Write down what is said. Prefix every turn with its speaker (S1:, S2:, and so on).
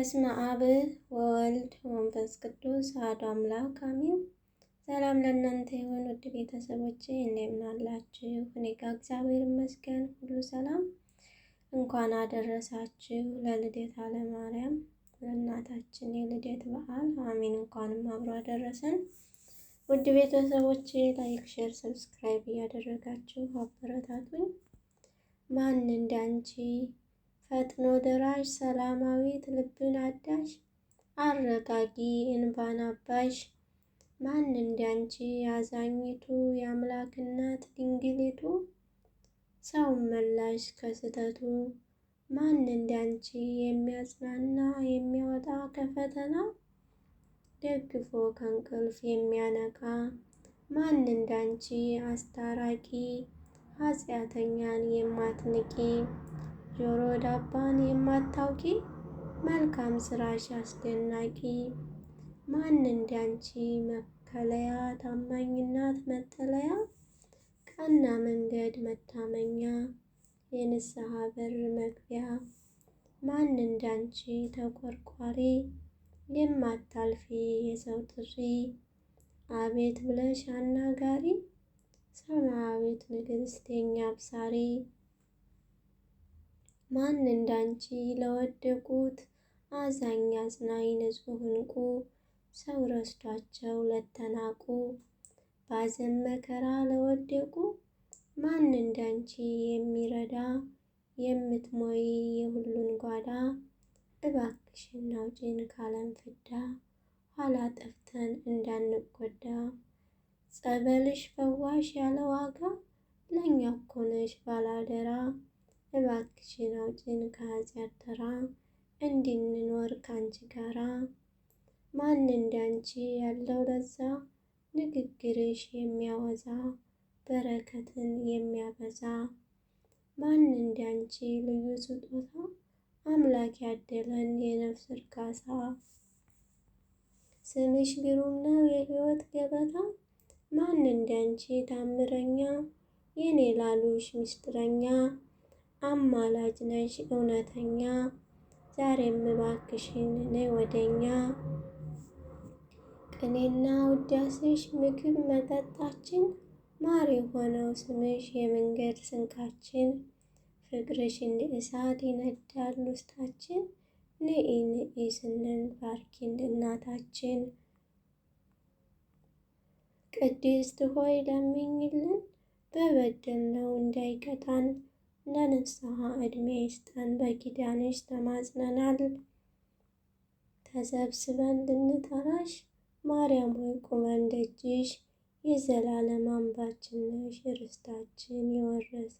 S1: በስመ አብ ወወልድ ወመንፈስ ቅዱስ አሐዱ አምላክ አሜን። ሰላም ለእናንተ ይሁን ውድ ቤተሰቦች እንደምን አላችሁ? እኔ ጋ እግዚአብሔር ይመስገን ሁሉ ሰላም። እንኳን አደረሳችሁ ለልደታ ለማርያም ለእናታችን የልደት በዓል አሜን። እንኳንም አብሮ አደረሰን። ውድ ቤተሰቦች ላይክ፣ ሼር፣ ሰብስክራይብ እያደረጋችሁ አበረታቱኝ። ማን እንዳንቺ ፈጥኖ ደራሽ ሰላማዊት ልብን አዳሽ አረጋጊ እንባን አባሽ ማን እንዲያንቺ አዛኝቱ የአምላክ እናት ድንግሊቱ ሰው መላሽ ከስተቱ ማን እንዲያንቺ የሚያጽናና የሚያወጣ ከፈተና ደግፎ ከእንቅልፍ የሚያነቃ ማን እንዳንቺ አስታራቂ ኃጢአተኛን የማትንቂ ጆሮ ዳባን የማታውቂ መልካም ስራሽ አስደናቂ ማን እንዳንቺ መከለያ ታማኝናት መጠለያ ቀና መንገድ መታመኛ የንስሐ በር መግቢያ ማን እንዳንቺ ተቆርቋሪ የማታልፊ የሰው ጥሪ አቤት ብለሽ አናጋሪ ሰማያዊት ንግሥት የኛ አብሳሪ ማን እንዳንቺ ለወደቁት አዛኝ አዝናኝ ንጹሕ እንቁ ሰው ረስቷቸው ለተናቁ ባዘን መከራ ለወደቁ ማን እንዳንቺ የሚረዳ የምትሞይ የሁሉን ጓዳ እባክሽን አውጪን ካለም ፍዳ ኋላ ጠፍተን እንዳንጎዳ ጸበልሽ ፈዋሽ ያለ ዋጋ ለእኛ እኮ ነሽ ባላደራ እባክሽን አውጪን ከኃጢአት ተራ እንድንኖር ከአንቺ ጋራ። ማን እንዳንቺ ያለው ለዛ ንግግርሽ የሚያወዛ በረከትን የሚያበዛ። ማን እንዳንቺ ልዩ ስጦታ አምላክ ያደለን የነፍስ እርካታ። ስምሽ ግሩም ነው የህይወት ገበታ ማን እንዳንቺ ታምረኛ የኔ ላሉሽ ምስጢረኛ አማላጅ ነሽ እውነተኛ፣ ዛሬም እባክሽን ነይ ወደኛ። ቅኔና ውዳሴሽ ምግብ መጠጣችን፣ ማር የሆነው ስምሽ የመንገድ ስንቃችን። ፍቅርሽ እንደ እሳት ይነዳል ውስጣችን፣ ንኢ ንኢ ስንል ባርኪን እናታችን። ቅድስት ሆይ ለምኝልን፣ ነው እንዳይቀጣን ለንስሐ ዕድሜ ይስጠን፣ በኪዳንሽ ተማጽነናል። ተሰብስበን ልንጠራሽ ማርያም ሆይ ቁመን ደጅሽ፣ የዘላለም አምባችን ነሽ ርስታችን ይወረስ